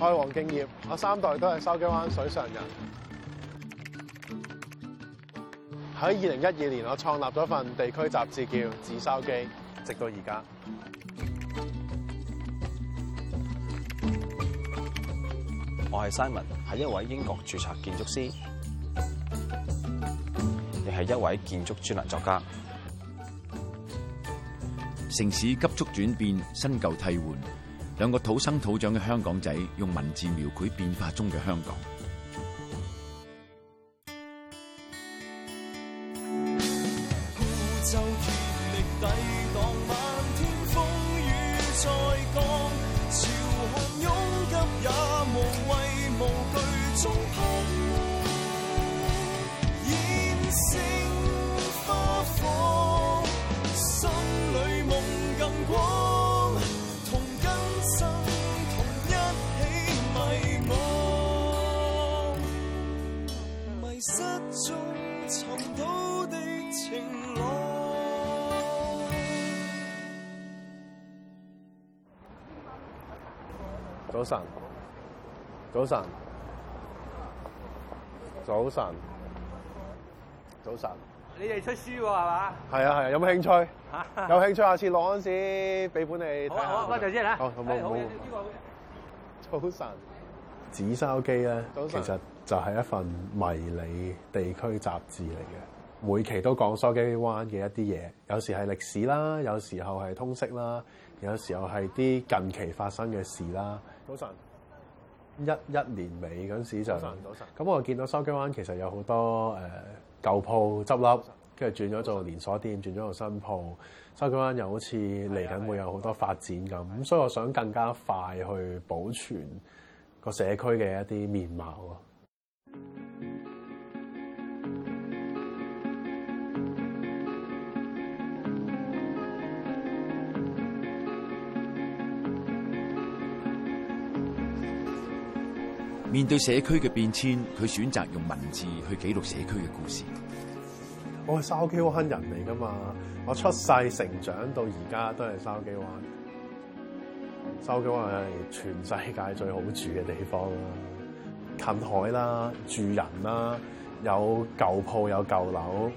開黃敬業，我三代都係筲箕灣水上人。喺二零一二年，我創立咗份地區雜誌叫《紙筲箕》，直到而家。我係 Simon，係一位英國註冊建築師，亦係一位建築專欄作家。城市急速轉變，新舊替換。兩個土生土長嘅香港仔，用文字描繪變化中嘅香港。 早晨，早晨，早晨，早晨。你哋出書喎，係嘛？係啊係、啊，有冇興趣、啊？有興趣，下次攞、啊啊啊啊、先，俾本你睇下。好，嗰陣先啦。早晨，紙筲箕咧，其實就係一份迷你地區雜誌嚟嘅，每期都講筲箕灣嘅一啲嘢，有時係歷史啦，有時候係通識啦，有時候係啲近期發生嘅事啦。早晨，一一年尾嗰陣時就早晨。咁我見到筲箕灣其實有好多誒、呃、舊鋪執笠，跟住轉咗做連鎖店，轉咗做新鋪。筲箕灣又好似嚟緊會有好多發展咁，咁所以我想更加快去保存個社區嘅一啲面貌啊。面對社區嘅變遷，佢選擇用文字去記錄社區嘅故事。我係筲箕灣人嚟㗎嘛，我出世成長到而家都係筲箕灣。筲箕灣係全世界最好住嘅地方啦，近海啦，住人啦，有舊鋪有舊樓，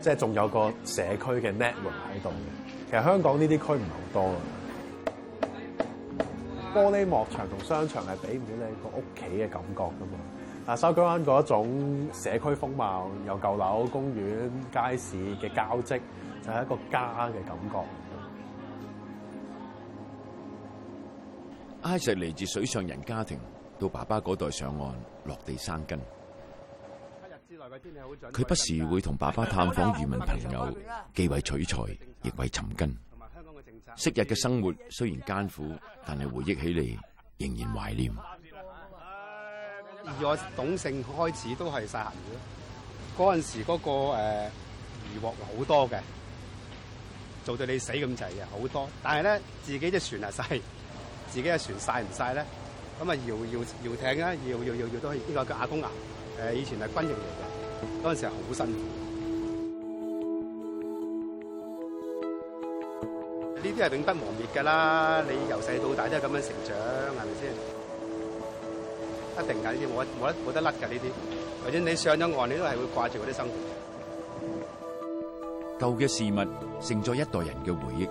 即係仲有個社區嘅 network 喺度。其實香港呢啲區唔係好多。啊。玻璃幕牆同商場係比唔到你個屋企嘅感覺噶嘛？啊，筲箕灣嗰種社區風貌，有舊樓、公園、街市嘅交織，就係、是、一個家嘅感覺。Isaac 嚟自水上人家庭，到爸爸嗰代上岸落地生根。一日之內嘅天氣好準。佢不時會同爸爸探訪漁民朋友，既為取材，亦為尋根。昔日嘅生活雖然艱苦，但係回憶起嚟仍然懷念。而我懂性開始都係曬鹹魚，嗰陣時嗰個誒，漁獲好多嘅，做到你死咁滯啊，好多。但係咧自己隻船又曬，自己嘅船曬唔曬咧？咁啊，搖搖搖艇啦，搖搖搖搖到呢個叫阿公岩。誒，以前係軍營嚟嘅，嗰陣時係好辛苦。呢啲係永不磨滅噶啦！你由細到大都係咁樣成長，係咪先？一定噶呢啲，冇得冇得冇得甩噶呢啲。或者你上咗岸，你都係會掛住嗰啲生活。舊嘅事物承載一代人嘅回憶。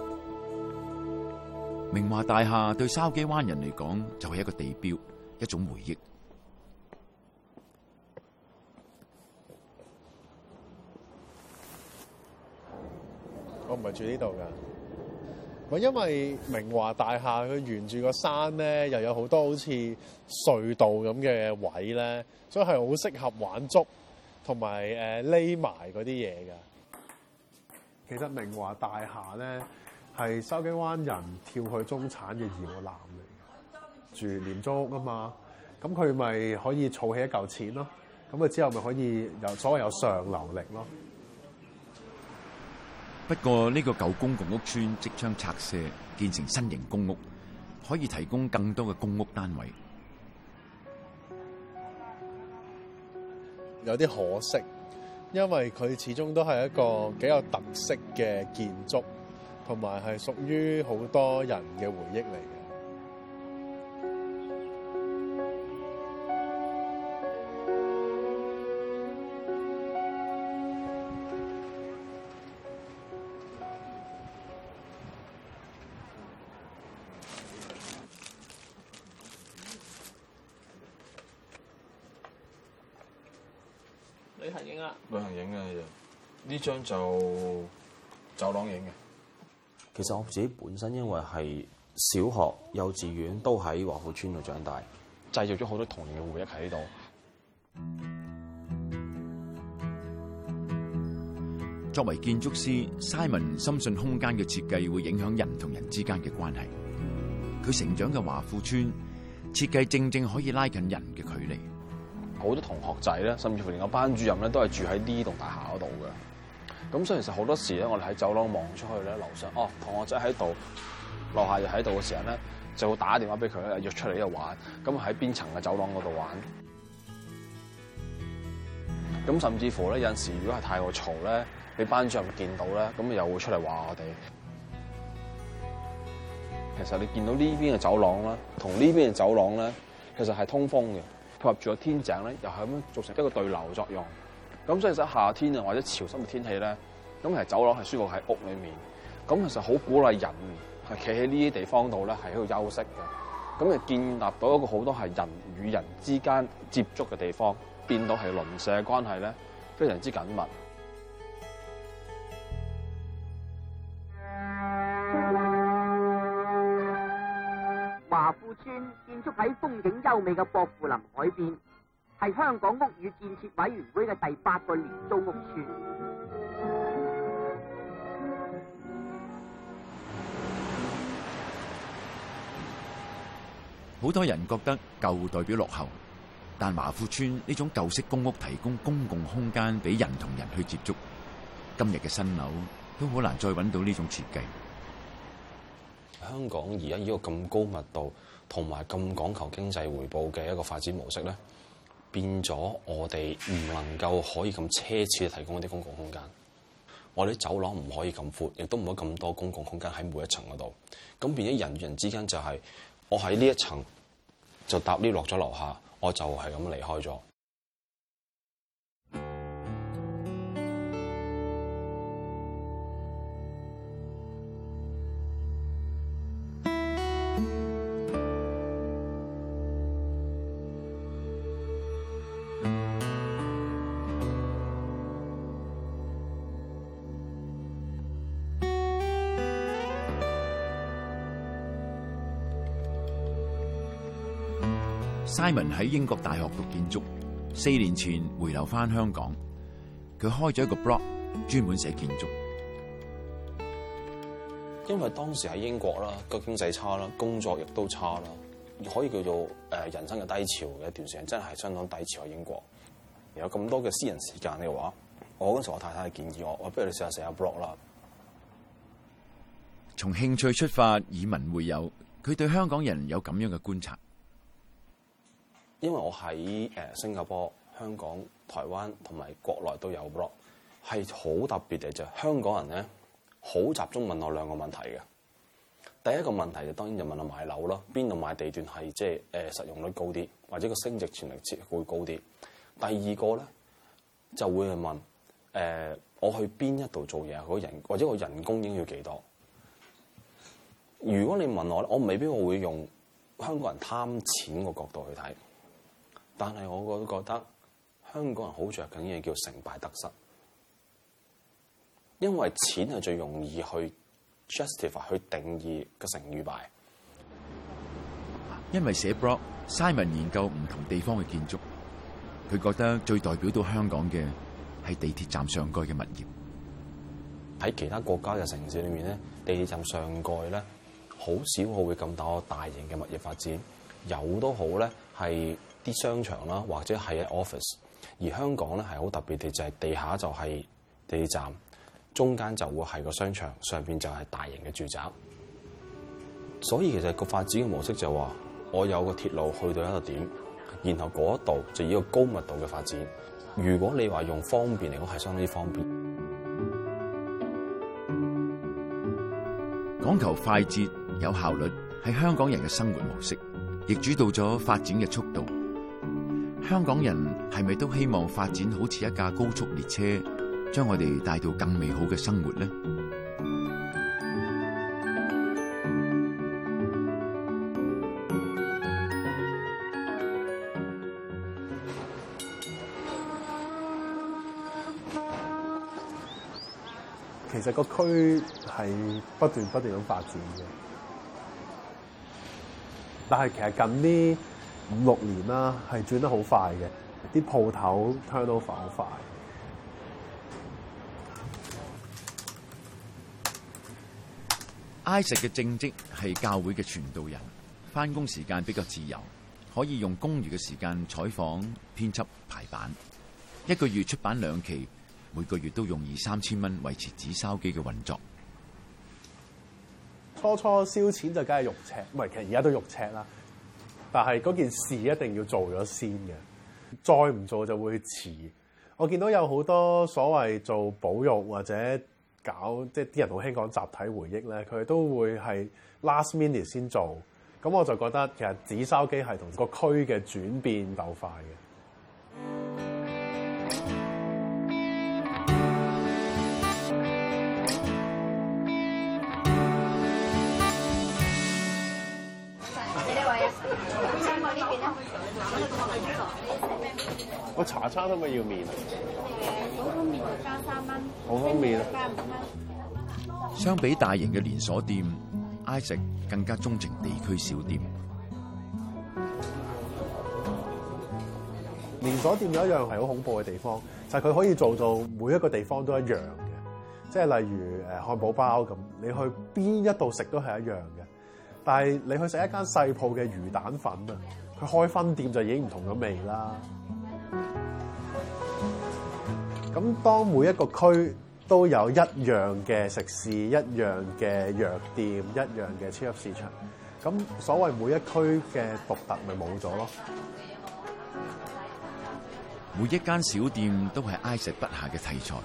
明華大廈對筲箕灣人嚟講，就係一個地標，一種回憶。我唔係住呢度噶。因為明華大廈佢沿住個山咧，又有好多好似隧道咁嘅位咧，所以係好適合玩捉同埋誒匿埋嗰啲嘢噶。其實明華大廈咧係筲箕灣人跳去中產嘅搖籃嚟嘅，住廉租屋啊嘛，咁佢咪可以儲起一嚿錢咯，咁佢之後咪可以有所謂有上流力咯。不過呢個舊公共屋邨即將拆卸，建成新型公屋，可以提供更多嘅公屋單位。有啲可惜，因為佢始終都係一個幾有特色嘅建築，同埋係屬於好多人嘅回憶嚟。旅行影啊，旅行影啊，呢張就走廊影嘅。其實我自己本身因為係小學、幼稚園都喺華富邨度長大，製造咗好多童年嘅回憶喺度。作為建築師 Simon，深信空間嘅設計會影響人同人之間嘅關係。佢成長嘅華富邨設計正正可以拉近人嘅距離。好多同學仔咧，甚至乎連個班主任咧都係住喺呢棟大廈嗰度嘅。咁所以其實好多時咧，我哋喺走廊望出去咧，樓上哦，同學仔喺度，樓下又喺度嘅時候咧，就會打電話俾佢咧，約出嚟呢度玩。咁喺邊層嘅走廊嗰度玩。咁甚至乎咧，有陣時如果係太過嘈咧，你班主任見到咧，咁又會出嚟話我哋。其實你見到呢邊嘅走廊啦，同呢邊嘅走廊咧，其實係通風嘅。合住個天井咧，又係咁樣造成一個對流作用。咁所以其實夏天啊或者潮濕嘅天氣咧，咁其實走廊係舒服喺屋裏面。咁其實好鼓勵人係企喺呢啲地方度咧，係喺度休息嘅。咁就建立到一個好多係人與人之間接觸嘅地方，變到係鄰舍關係咧，非常之緊密。華富村建築喺風景優美嘅薄扶林海邊，係香港屋宇建設委員會嘅第八個廉租屋邨。好多人覺得舊代表落後，但華富村呢種舊式公屋提供公共空間俾人同人去接觸，今日嘅新樓都好難再揾到呢種設計。香港而家呢個咁高密度同埋咁講求經濟回報嘅一個發展模式咧，變咗我哋唔能夠可以咁奢侈提供一啲公共空間，我哋啲走廊唔可以咁闊，亦都唔可以咁多公共空間喺每一層嗰度。咁變咗人與人之間就係、是、我喺呢一層就搭 lift 落咗樓下，我就係咁離開咗。Simon 喺英國大學讀建築，四年前回流翻香港，佢開咗一個 blog 專門寫建築。因為當時喺英國啦，個經濟差啦，工作亦都差啦，可以叫做誒人生嘅低潮嘅一段時間，真係相當低潮喺英國。有咁多嘅私人時間嘅話，我嗰時我太太建議我，我不如你試下寫下 blog 啦。從興趣出發以文會友，佢對香港人有咁樣嘅觀察。因為我喺誒新加坡、香港、台灣同埋國內都有 blog，係好特別嘅就香港人咧，好集中問我兩個問題嘅。第一個問題就當然就問我買樓啦，邊度買地段係即係誒實用率高啲，或者個升值潛力會高啲。第二個咧就會去問誒、呃，我去邊一度做嘢嗰人，或者個人工應要幾多？如果你問我咧，我未必會用香港人貪錢個角度去睇。但係，我都覺得香港人好着緊嘅嘢叫成敗得失，因為錢係最容易去 justify 去定義個成與敗。因為寫 blog，Simon 研究唔同地方嘅建築，佢覺得最代表到香港嘅係地鐵站上蓋嘅物業。喺其他國家嘅城市裏面咧，地鐵站上蓋咧好少會會咁大大型嘅物業發展，有都好咧係啲商場啦，或者係 office，而香港咧係好特別，就是，地就係地下就係地鐵站，中間就會係個商場，上邊就係大型嘅住宅。所以其實個發展嘅模式就話，是，我有個鐵路去到一個點，然後嗰度就是一個高密度嘅發展。如果你話用方便嚟講係相當之方便。講求快捷有效率，係香港人嘅生活模式，亦主導咗發展嘅速度。香港人係咪都希望發展好似一架高速列車，將我哋帶到更美好嘅生活呢？其實個區係不斷不斷咁發展嘅，但係其實近呢五六年啦，係轉得好快嘅，啲鋪頭推到好快。Isaac 嘅正職係教會嘅傳道人，翻工時間比較自由，可以用工餘嘅時間採訪、編輯、排版。一個月出版兩期，每個月都用二三千蚊維持紙筲箕嘅運作。初初燒錢就梗係肉赤，唔係其實而家都肉赤啦。但係件事一定要做咗先嘅，再唔做就會遲。我見到有好多所謂做保育或者搞，即係啲人好興講集體回憶咧，佢都會係 last minute 先做。咁我就覺得其實紙筲箕係同個區嘅轉變鬥快嘅。個茶餐都咪要麵啊、嗯！普通麵就加三蚊，普通麵加五蚊。相比大型嘅連鎖店，Isaac、嗯、更加鍾情地區小店。連鎖店有一樣係好恐怖嘅地方，就係、是、佢可以做到每一個地方都一樣嘅，即係例如誒漢堡包咁，你去邊一度食都係一樣嘅。但係你去食一間細鋪嘅魚蛋粉啊！佢開分店就已經唔同咗味啦。咁當每一個區都有一樣嘅食肆、一樣嘅藥店、一樣嘅超級市場，咁所謂每一區嘅獨特咪冇咗咯。每一間小店都係挨食不下嘅題材，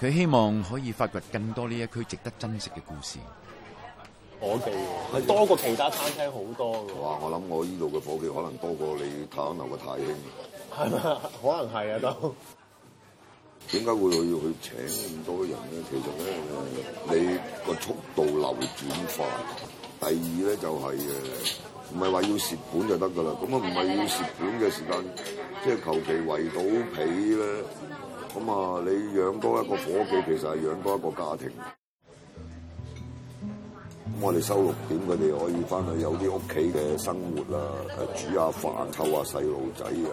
佢希望可以發掘更多呢一區值得珍惜嘅故事。伙記喎，係多過其他餐廳好多㗎。哇！我諗我呢度嘅伙記可能多過你太安樓嘅太興。係嘛？可能係啊都。點解會要去請咁多嘅人咧？其實咧，你個速度流轉快。第二咧就係、是、誒，唔係話要蝕本就得㗎啦。咁啊唔係要蝕本嘅時間，即係求其圍到皮咧。咁啊，你養多一個伙記，其實係養多一個家庭。我哋收六點，佢哋可以翻去有啲屋企嘅生活啊，誒煮下飯湊下細路仔啊。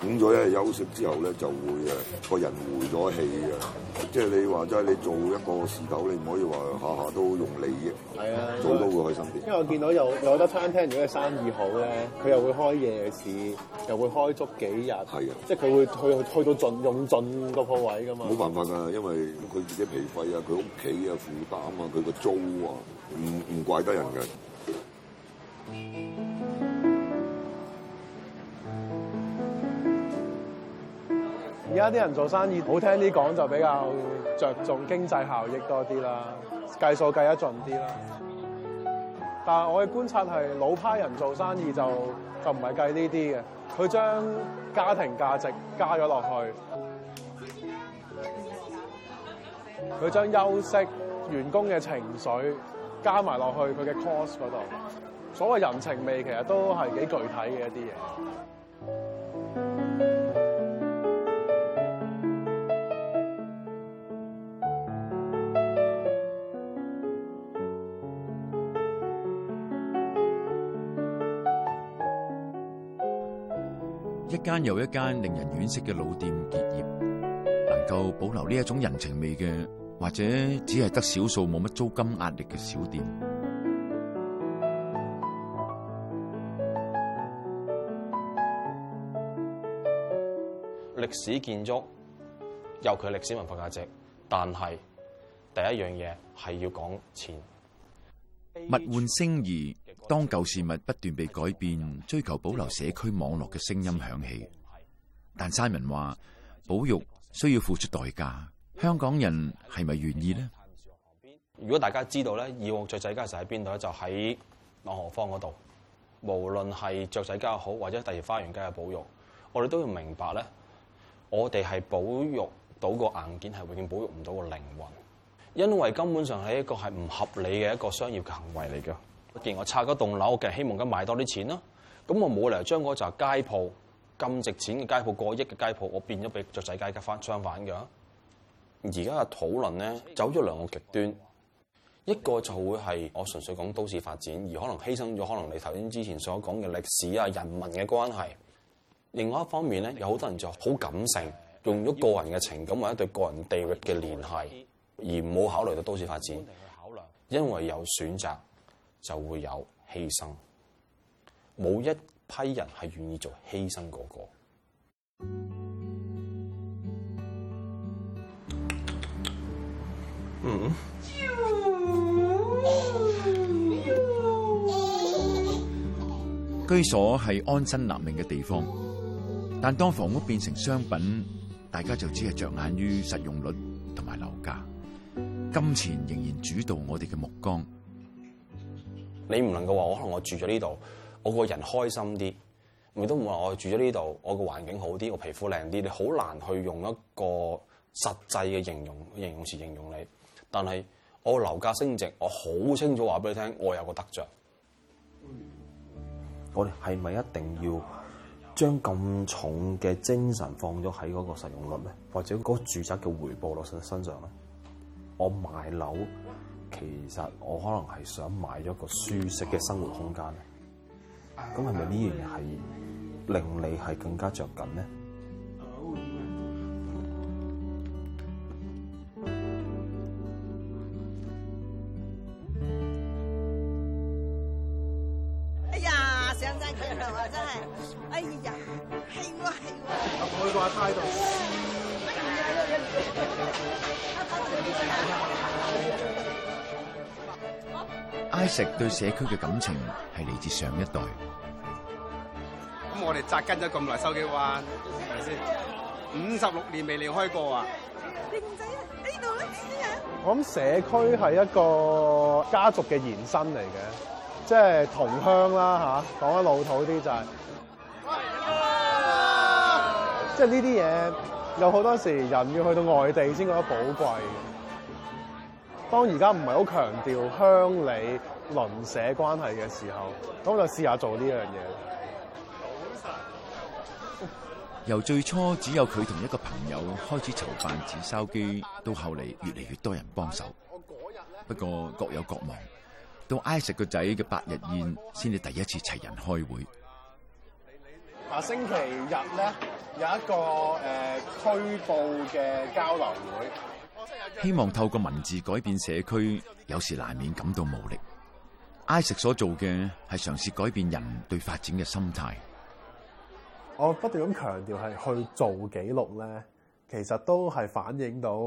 緊咗一日休息之後咧，就會誒個人回咗氣啊。即係你話真係你做一個事頭，你唔可以話下下都用利益。係啊，早都會開心啲。因為我見到有有得餐廳，如果生意好咧，佢又會開夜市，又會開足幾日。係啊，即係佢會去去到盡用盡個鋪位㗎嘛。冇辦法㗎，因為佢自己皮費啊，佢屋企啊負擔啊，佢個租啊。唔唔怪得人嘅。而家啲人做生意，好聽啲講就比較着重經濟效益多啲啦，計數計得盡啲啦。但係我嘅觀察係老派人做生意就就唔係計呢啲嘅，佢將家庭價值加咗落去，佢將休息員工嘅情緒。加埋落去佢嘅 cost 嗰度，所謂人情味其實都係幾具體嘅一啲嘢。一間又一間令人惋惜嘅老店結業，能夠保留呢一種人情味嘅。或者只係得少數冇乜租金壓力嘅小店。歷史建築有佢歷史文化價值，但係第一樣嘢係要講錢。物換星移，當舊事物不斷被改變，追求保留社區網絡嘅聲音響起，但 Simon 話保育需要付出代價。香港人係咪願意咧？如果大家知道咧，以往雀仔街就喺邊度咧，就喺朗豪坊嗰度。無論係雀仔街又好，或者是第二花園街嘅保育，我哋都要明白咧，我哋係保育到個硬件，係永遠保育唔到個靈魂，因為根本上係一個係唔合理嘅一個商業行為嚟㗎。既然我拆嗰棟樓，我梗係希望咁賣多啲錢啦。咁我冇理由將嗰扎街鋪咁值錢嘅街鋪，過億嘅街鋪，我變咗俾雀仔街嘅翻相反㗎。而家嘅討論咧，走咗兩個極端，一個就會係我純粹講都市發展，而可能犧牲咗可能你頭先之前所講嘅歷史啊、人民嘅關係。另外一方面咧，有好多人就好感性，用咗個人嘅情感或者對個人地域嘅聯繫，而冇考慮到都市發展。因為有選擇，就會有犧牲。冇一批人係願意做犧牲嗰個。Mm -hmm. you, you, you. 居所係安身立命嘅地方，但當房屋變成商品，大家就只係着眼於實用率同埋樓價，金錢仍然主導我哋嘅目光。你唔能夠話我可能我住咗呢度，我個人開心啲，亦都唔話我住咗呢度，我個環境好啲，我皮膚靚啲。你好難去用一個實際嘅形容形容詞形容你。但係我樓價升值，我好清楚話俾你聽，我有個得着。我哋係咪一定要將咁重嘅精神放咗喺嗰個實用率咧，或者嗰個住宅嘅回報落實身上咧？我買樓其實我可能係想買咗個舒適嘅生活空間咧。咁係咪呢樣嘢係令你係更加着緊咧？上真真佢話真係，哎呀，係喎係喎，唔會 Isaac 對社區嘅感情係嚟自上一代。咁我哋扎根咗咁耐筲箕灣，係咪先？五十六年未離開過啊！仔啊，喺度啦，我諗社區係一個家族嘅延伸嚟嘅。即係同鄉啦嚇，講得老土啲就係，即係呢啲嘢有好多時人要去到外地先覺得寶貴。當而家唔係好強調鄉里鄰舍關係嘅時候，咁就試下做呢樣嘢。由最初只有佢同一個朋友開始籌辦紙筲箕，到後嚟越嚟越多人幫手。不過各有各忙。到 Isaac 個仔嘅百日宴，先至第一次齊人開會。星期日咧有一個誒區報嘅交流會，希望透過文字改變社區，有時難免感到無力。Isaac 所做嘅係嘗試改變人對發展嘅心態。我不斷咁強調係去做記錄咧，其實都係反映到。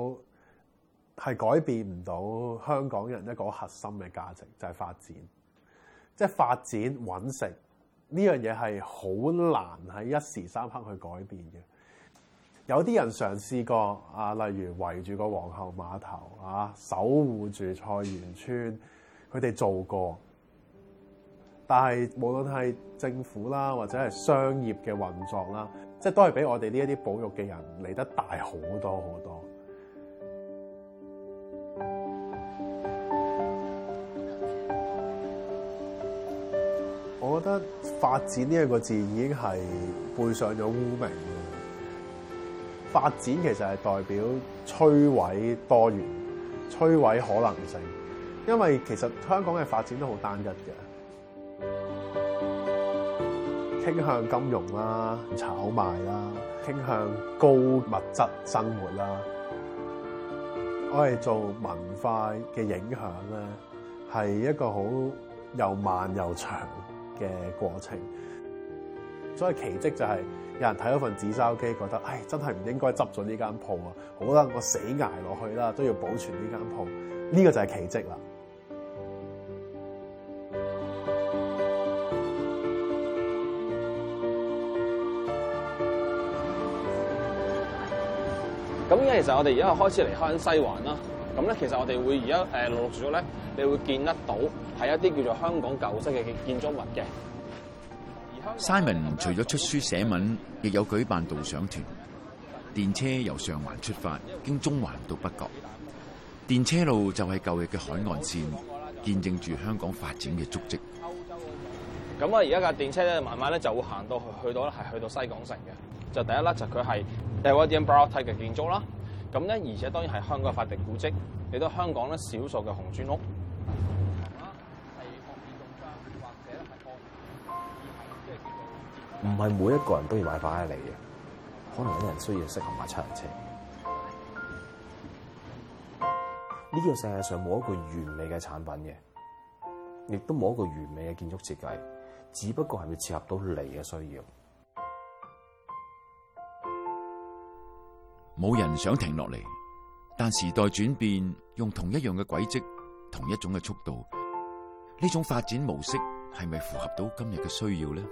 係改變唔到香港人一個核心嘅價值，就係、是、發展。即係發展揾食呢樣嘢係好難喺一時三刻去改變嘅。有啲人嘗試過啊，例如圍住個皇后碼頭啊，守護住菜園村，佢哋做過。但係無論係政府啦，或者係商業嘅運作啦，即係都係俾我哋呢一啲保育嘅人嚟得大好多好多。覺得發展呢一個字已經係背上咗污名嘅。發展其實係代表摧毀多元、摧毀可能性，因為其實香港嘅發展都好單一嘅，傾向金融啦、炒賣啦，傾向高物質生活啦。我哋做文化嘅影響咧，係一個好又慢又長嘅過程，所以奇蹟就係有人睇咗份紙筲箕，覺得唉，真係唔應該執咗呢間鋪啊！好啦，我死捱落去啦，都要保存呢間鋪，呢、這個就係奇蹟啦。咁咧，其實我哋而家開始離開西環啦。咁咧，其實我哋會而家誒落落住屋咧。你會見得到係一啲叫做香港舊式嘅建築物嘅。Simon 除咗出書寫文，亦有舉辦導賞團。電車由上環出發，經中環到北角。電車路就係舊日嘅海岸線，見證住香港發展嘅足跡。咁啊，而家架電車咧，慢慢咧就會行到去去到咧，係去到西港城嘅。就第一粒就佢、是、係 Edwardian Baroque 嘅建築啦。咁咧，而且當然係香港嘅法定古蹟，亦都香港咧少數嘅紅磚屋。唔係每一個人都要買法拉利嘅，可能有人需要適合買七人車。呢個世界上冇一個完美嘅產品嘅，亦都冇一個完美嘅建築設計，只不過係要切合到你嘅需要。冇人想停落嚟，但時代轉變，用同一樣嘅軌跡，同一種嘅速度，呢種發展模式係咪符合到今日嘅需要咧？